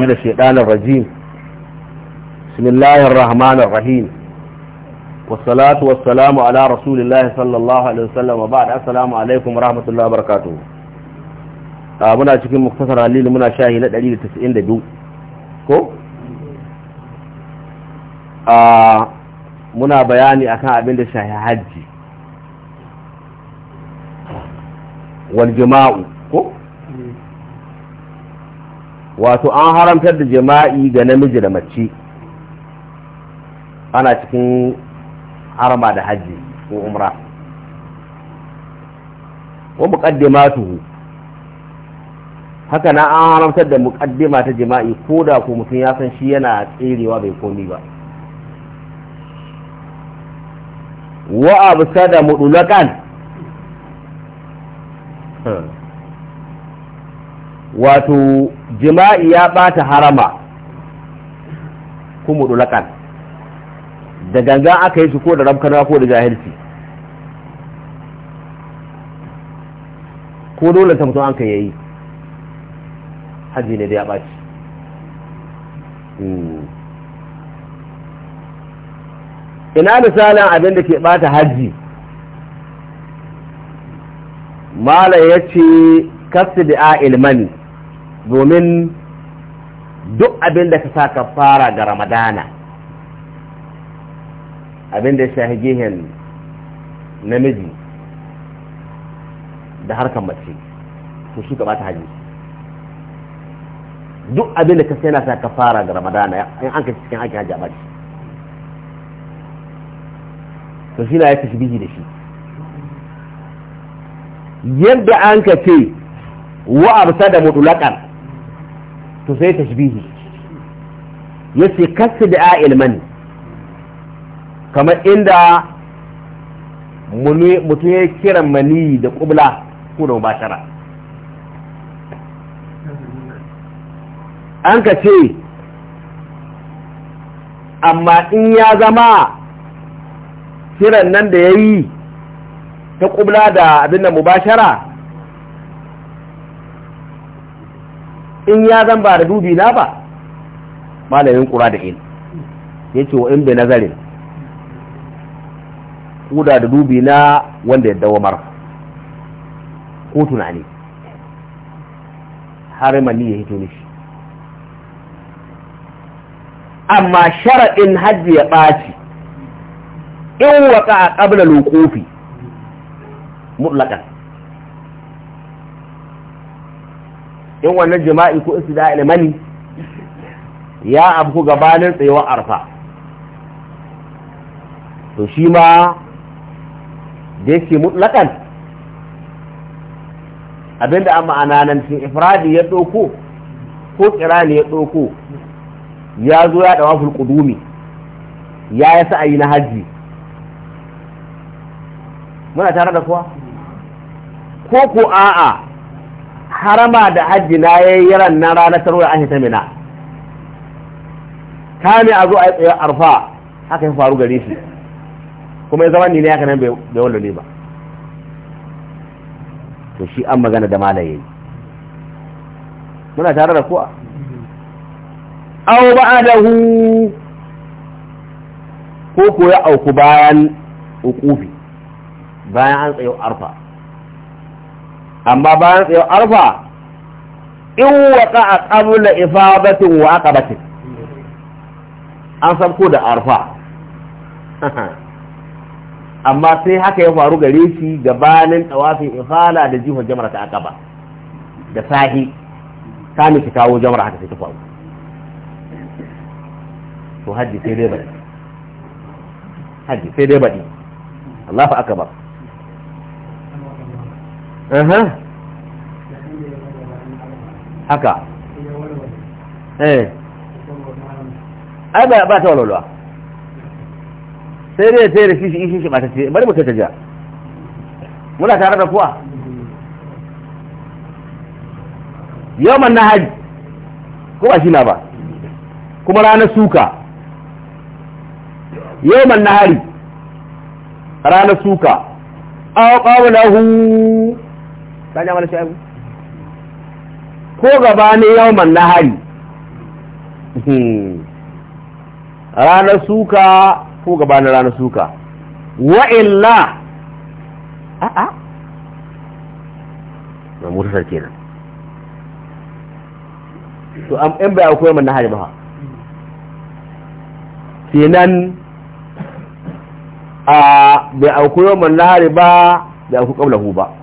من الشيطان الرجيم بسم الله الرحمن الرحيم والصلاة والسلام على رسول الله صلى الله عليه وسلم وبعد السلام عليكم ورحمة الله وبركاته muna cikin muktasar halil muna shahi na 192 ko a muna bayani akan abin da shahi hajji wal jama'u wato an haramtar da jima'i ga namiji da mace ana cikin harama da hajji ko umra wa muqaddimatu haka na an haramtar da muqaddima ta jima'i ko da ko mutum ya san shi yana tserewa bai komi ba wa sada mudulakan hmm. wato jima'i ya bata harama kuma dulakan da ganga aka yi shi ko da rabkana ko da jahilci ko dole ta mutum an ka yayi hajji ne da ya baci hmm. ina misalin abin da ke bata hajji mala ya ce kasu da a ilmani domin duk abin da ka sa ka fara ga ramadana abin da ya shahi gehen namiji da harkar mace su shi ka bata hajji duk abin da ka sai na sa ka fara ga ramadana yan an ka cikin aikin hajji a baki su shi na ya kashi biji da shi yadda an ka ce wa absa da mutulakan to sai tashbihi yace kasu da ilman kamar inda mutum ya kira mani da kubla ko da mubashara an ka ce amma in ya zama kiran nan da ya yi ta kubla da abin da mubashara in ya zan ba da dubi na ba malamin kura da Ya ce wa in bai nazarin kuda da dubi na wanda ya dawo mara ko tunani har mani ya hito nishi amma sharaɗin hajji ya ɓaci in waka a ƙabla lokofi mutlaƙar in wannan jima'i ko istida ilmani ya abu gabanin tsayuwar arfa to shi ma da yake mutlakan abinda an ma'ana nan ifradi ya ɗauko ko kirani ya ɗauko ya zo ya ɗawa fulƙudumi ya yi sa'ayi na hajji muna tare da kuwa ko ko a'a harama da hajji na yayi ran na ranar tarwiyar an ta mina ne a zo a yi tsayar arfa haka ya faru gare shi kuma ya zama ni ne haka nan bai ne ba to shi an magana da malaye muna tare da kuwa au da ko ko ya auku bayan ukufi bayan an tsayo arfa amma bayan tsayar arfa in waka a ƙabula ifadatin wa batin an sabko da arfa amma sai haka ya faru gare shi gabanin tawafin ifala da jihon jamara ta ba da sahi kamin ki kawo jamar haka sai ta faru to hajji sai dai baɗi hajji sai dai ba. haka eh ai ba ta walwalwa sai dai ta yi da shi shi shi ba ta ce bari mutu ta ja muna tare da kuwa man na haji ko ba shi na ba kuma ranar suka man na hari ranar suka awa ƙawo lahu ta ja mala shaibu ko gabanin yawman nahari hmm. ranar suka ko gabanin ranar suka wa'illa a'a na mursar kenan to am in bai akwai yawman nahari ba kenan a bai akwai yawman nahari ba bai akwai ƙaunahu ba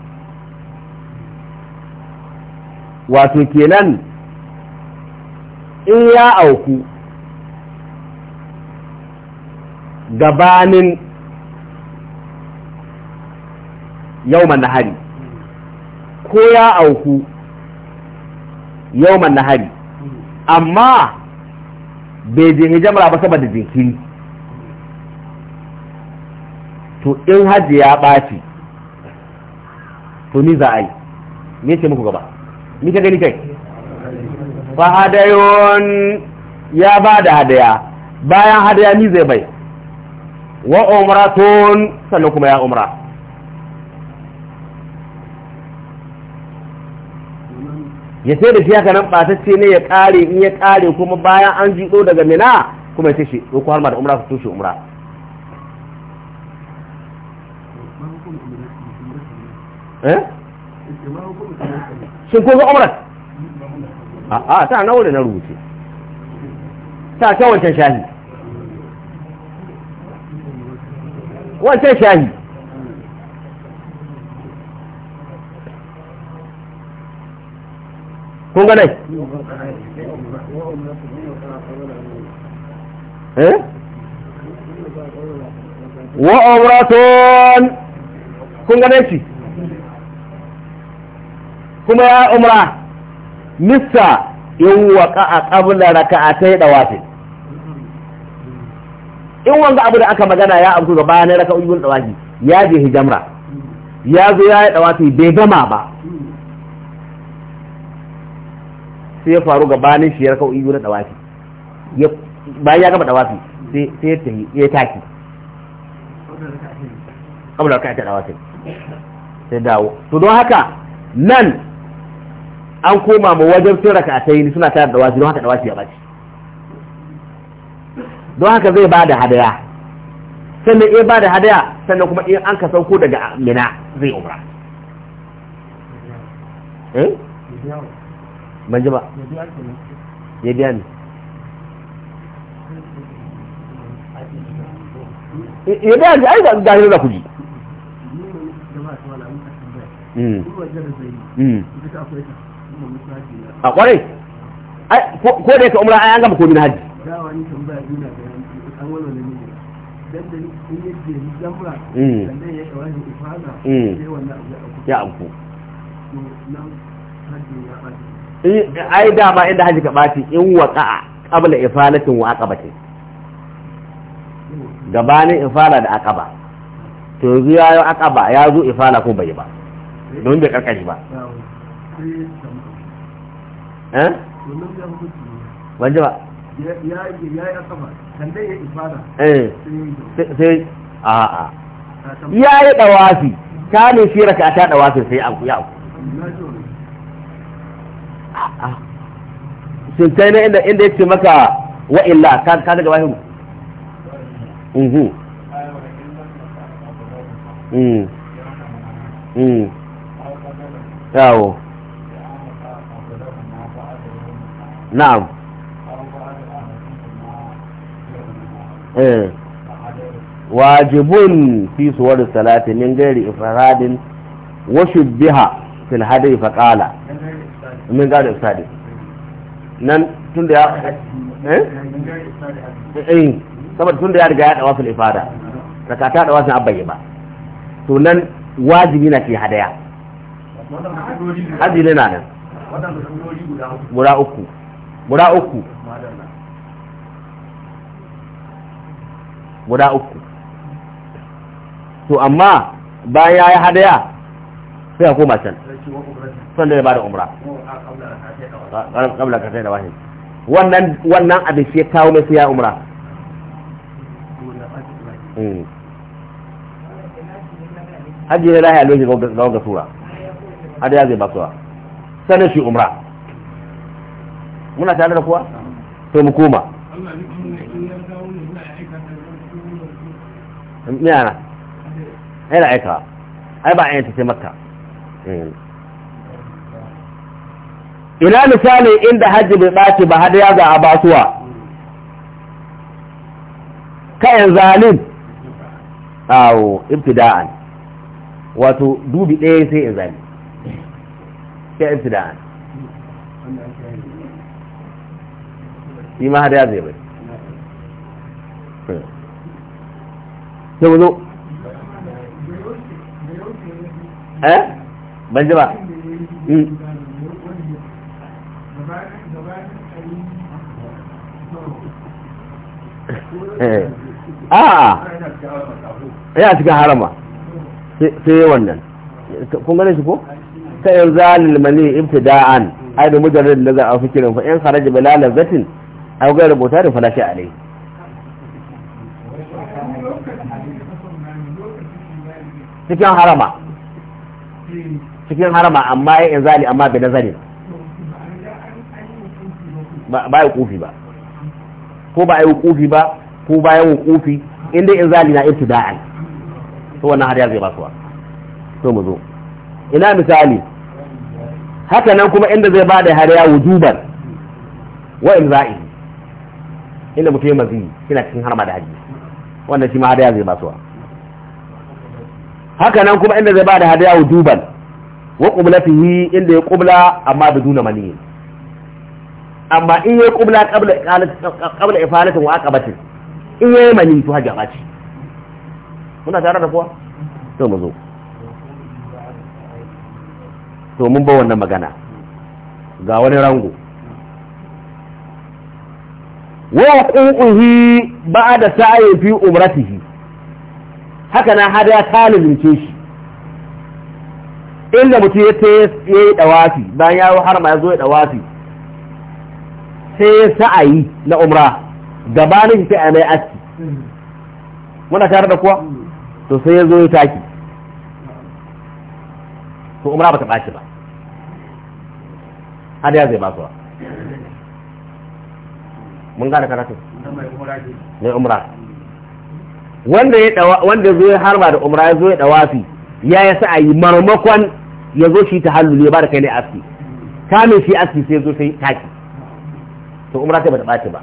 wato kenan in ya auku gabanin yawman nahari ko ya auku yawman nahari amma bai ni jamra ba saboda jinkiri to in hajji ya ɓaci to ni za a yi ne ce muku gaba mita gani kai fa hadayon ya ba da hadaya bayan hadaya ni zai bai wa umratun sannan kuma ya umra ya sai da shi haka nan ce ne ya kare in ya kare kuma bayan an jido daga mina kuma ya tashi ko har ma da umra su tushe umra eh shin kun ga umrar a ta na wurin na rubuce ta ta wancan shahi wancan shahi kun ganai nai eh kun ganai nai kuma ya umra nissa in wa ka'a kabla raka'atai dawafi in wanga abu da aka magana ya amsu ga bayanin raka'o'i bin dawafi ya je hijamra ya zo ya yi dawafi bai gama ba sai ya faru ga bayanin shi ya raka'o'i bin dawafi bayan ya gama dawafi sai ya tafi ya taki kabla raka'atai dawafi sai dawo to don haka nan an koma mu wajen sun raka ta yi suna tayar da wasu don haka da wasu ya bace don haka zai ba da hadaya sannan in ba da hadaya sannan kuma in an ka sauko daga mina zai umra eh ban ji ya biya ni ya biya ni ai ga ga ku Mm. Mm. a kwarai ko da yake umra ai an gama komi na hajji ya amfu mm. mm. ai dama inda hajji ka ɓaci in waƙa'a qabla ifalatin wa aqabatin gabanin ifala da aqaba to yanzu ya yi aqaba ya zo ifala ko bai ba don bai karkashi ba eh ban ji ba ya yi asaba kan ya ifada eh. sai a ya yi dawafi ta ne shi raka ta dawafin sai an ya ku inda inda yake maka wa illa ka ka na'am eh. wajibun fi suwar salati min gairi ifradin wa shubbiha fil hadi fa qala ya eh, eh. ya riga ya dawa fil ifada zakata dawa sun abaye ba to nan wajibi na ke hadaya azilina nan guda uku guda uku guda uku to amma bayan ya yi hadaya sai ya koma can da ya ba da umra kabla kasai da wahin wannan abin shi ya kawo mai siya umra hmm. hajji ne lahi a lokacin ga wanda sura hadaya zai ba suwa sannan shi umra muna tare da kuwa to mu koma miyana yana aika ai ba ayyanta sai makka eh. ina misali inda hajji bai ɓaci ba har ya ga a basuwa kayan zalim awo ibtida'an wato dubi ɗaya sai in zalim sai ibtida'an shi ma har ya zai bai sai zo eh ban ji ba hmm. eh. a ya cikin harama sai yi wannan kun gane shi ko ta yanzu alilmani ibtida'an mujallar da za a fikirin fa in kharaja lazzatin aw ga rubuta da falashi alai cikin harama cikin harama amma ya zali amma bai nazari ba ya kufi ba ko ba ya kufi ba ko ba yi kufi inda in zali na ibtida'an to wannan har ya zai basuwa to mu zo ina misali haka nan kuma inda zai bada har ya wujuban wa in za'i. inda mutum ya mazi yana cikin harma da haji wannan shi ma hadaya zai suwa haka nan kuma inda zai ba da hadaya wa duban wa fihi inda ya kubla amma duna mani amma in ya qubla qabla qabla ifalatin wa aqabatin in ya yi mani to ba ce. muna tare da kuwa to mu zo to mun ba wannan magana ga wani rango wa ƙunƙuhi ba da fi umratihi haka na hada talibin ce shi inda mutum ya yi dawafi bayan ya har ma ya zo ya dawafi sai ya sa'ayi na umra gabanin shi a mai aski muna tare da kuwa to sai ya zo ya taki to umra ba ta ɓaci ba hada zai ba su ba mun gane karatu ne umra wanda ya dawa wanda zo ya harba da umra ya zo ya dawafi ya ya sa ayi marmakon ya zo shi tahallul ya ba da kai ne aski kamin shi aski sai zo sai taki to umra sai bata bace ba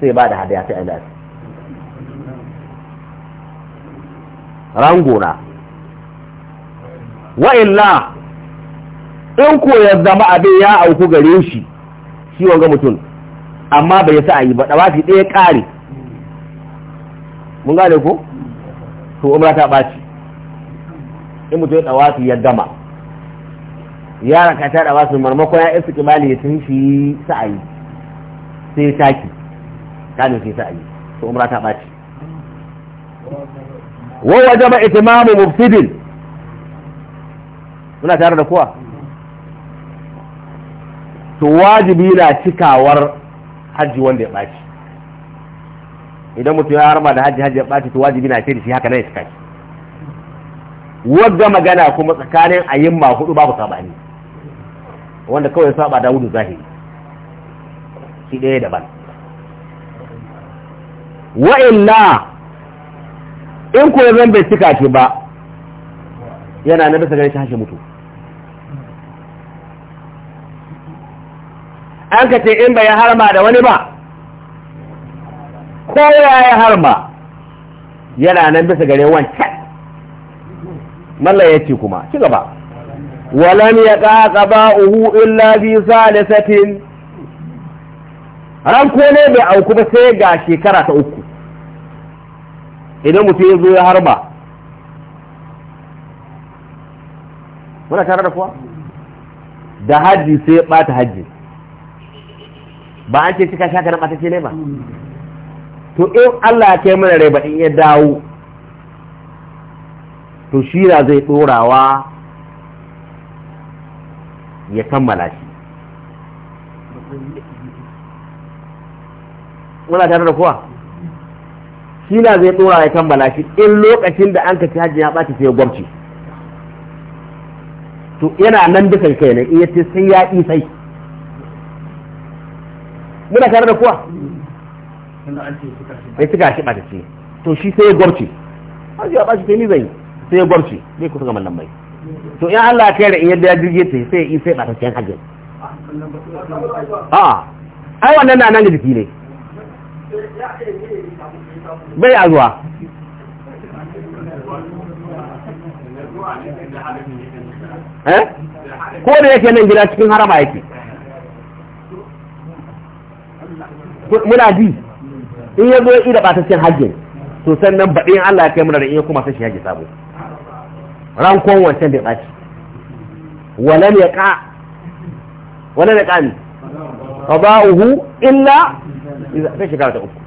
sai ba da hadaya sai ayi aski rangona wa illa in ko ya zama abin ya auku gare shi shi wanga mutum amma bai sa a yi ba ɗawafi ɗaya ƙare mun gane ko to umra ta ɓaci in mutum ya ɗawafi ya gama yaran ka ta ɗawafi marmakon ya isa kimali ya tun shi sa'ayi sai ya taki kanin sai sa'ayi to umra ta ɓaci ba ita mamu mufsidin muna tare da kowa to wajibi na cikawar hajji wanda ya ɓaci idan mutum ya harma da hajji hajji ya ɓaci to wajibi na ce da shi haka nan ya cika shi wadda magana kuma tsakanin ma hudu babu saɓani wanda kawai ya saɓa da wudu zahiri shi ɗaya daban wa'illa in kuwa zan bai cika shi ba yana na bisa ganin shi hashe mutu an ka ce in bai harma da wani ba ko ya yi harma yana nan bisa gare wancan mallan ya ce kuma ci gaba walam ya ƙaƙa ba'uhu illa bi satin. ranko ne bai auku ba sai ga shekara ta uku idan mutum ya zo ya harma. muna tare da kuwa da hajji sai ya ɓata hajji ba an ce cika shaka na ce ne ba to in Allah ya kai mana rai ba in ya dawo to shira zai ɗorawa ya kammala shi muna tare da kowa shira zai ɗora ya kammala shi in lokacin da an ka ci hajji ya ɓaci sai ya gwamci to yana nan duka kai ne in ya ce sai ya isai sai muna tare da kuwa ya ci shi ba ta ce to shi sai ya gwarce a ji a ba shi ta ni zai sai ya gwarce zai kusa ga mallan bai to in Allah ya kai da yadda ya jirge ta sai in sai ba cikin hajjin a ai wannan na nan da jiki ne bai a zuwa eh? ko da yake nan gida cikin harama yake muna bi in ya zo ya ida bataccen hajjin to sannan baɗin Allah ya kai muna da in ya kuma sashi shi hajji sabo rankon wancan bai ɓaci walam ya ƙa walam ya ƙani qada'uhu illa idan sai shekara ta uku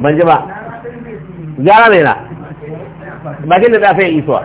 ban ji ba gyara ne na bakin da za a yi isuwa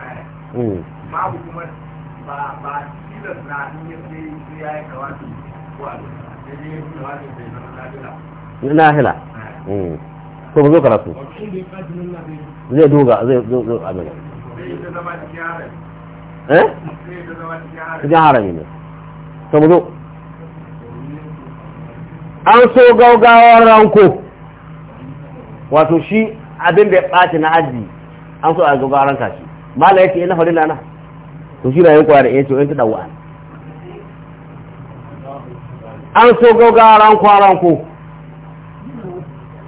Mm. babu kuma ba ba tilas na in ya yi kawai ko a da ne yi kawai da na nahila ko mm. zo karatu zai doga zai zo abin eh cikin harami ne to mu zo an so gaugawar ranko wato shi abin da ya ɓaci na aji an so a gaugawar ranka shi mala yake na farilla na to shi na yin kwara ya ce yanki dawa an so goga ran kwaran ko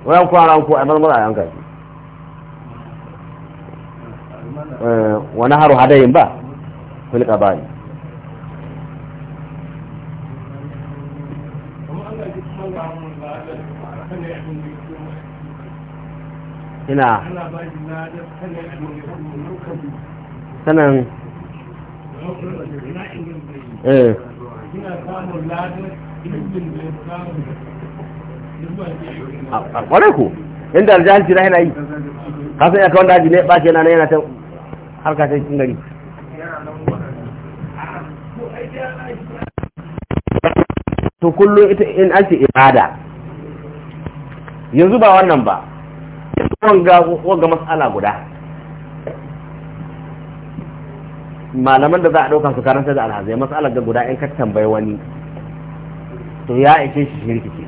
ran kwaran ko a marmara yanka shi eh, wani haru hadayin ba kulka bani ina sanan eh a kwarai ku inda aljihar jira yana yi kasan ya kawon daji ne ba ke nan yana ta harka ta cikin gari to kullum ita in ake ibada yanzu ba wannan ba ga matsala guda malaman da za a ɗauka su karanta da alhazai matsala ga guda in ka tambayi wani to ya ake shi rikici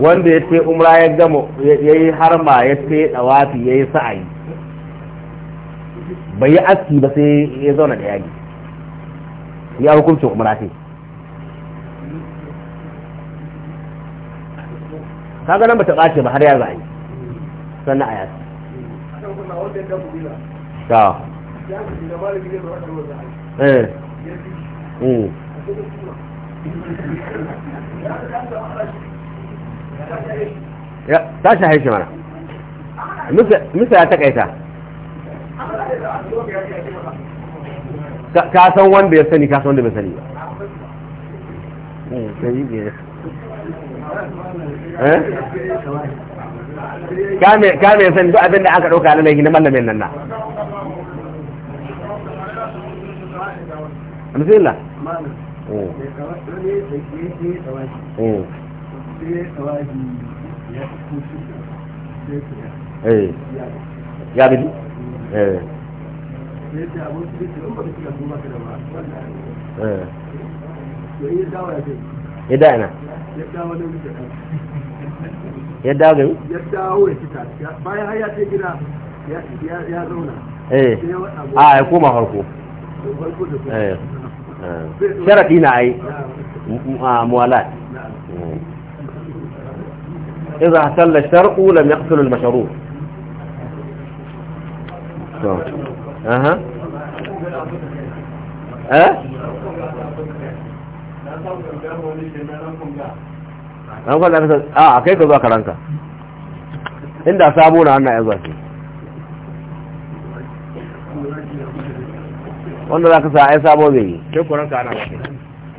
wanda ya ce umra ya gama ya yi harma ya ce ɗawafi ya yi sa'ayi bai yi aski ba sai ya zauna da yaki ya hukuncin umra sai kaga nan bata ɓace ba har ya zai sannan a yasa ta eh. mm. ya ta mana misa ya takaita ka san wanda ya sani ka san wanda bai sani ba eh, Eh? ka mai san duk abin da aka ɗauka na laifi na mallamin nan na amsila eh. eh. ya bi ya da na ya dawo da wuce ya dawo da ya dawo ya fita bayan har ya ce gida ya zauna eh a ya koma harko sharaɗi na ai muwalat إذا احتل الشرق لم يقتل المشروع أها أه an kwallon nasa a kai ka zuwa karanka inda sabo na hannun ya ake wanda za ka sa ai sabo zai yi kai kuranka ana wasu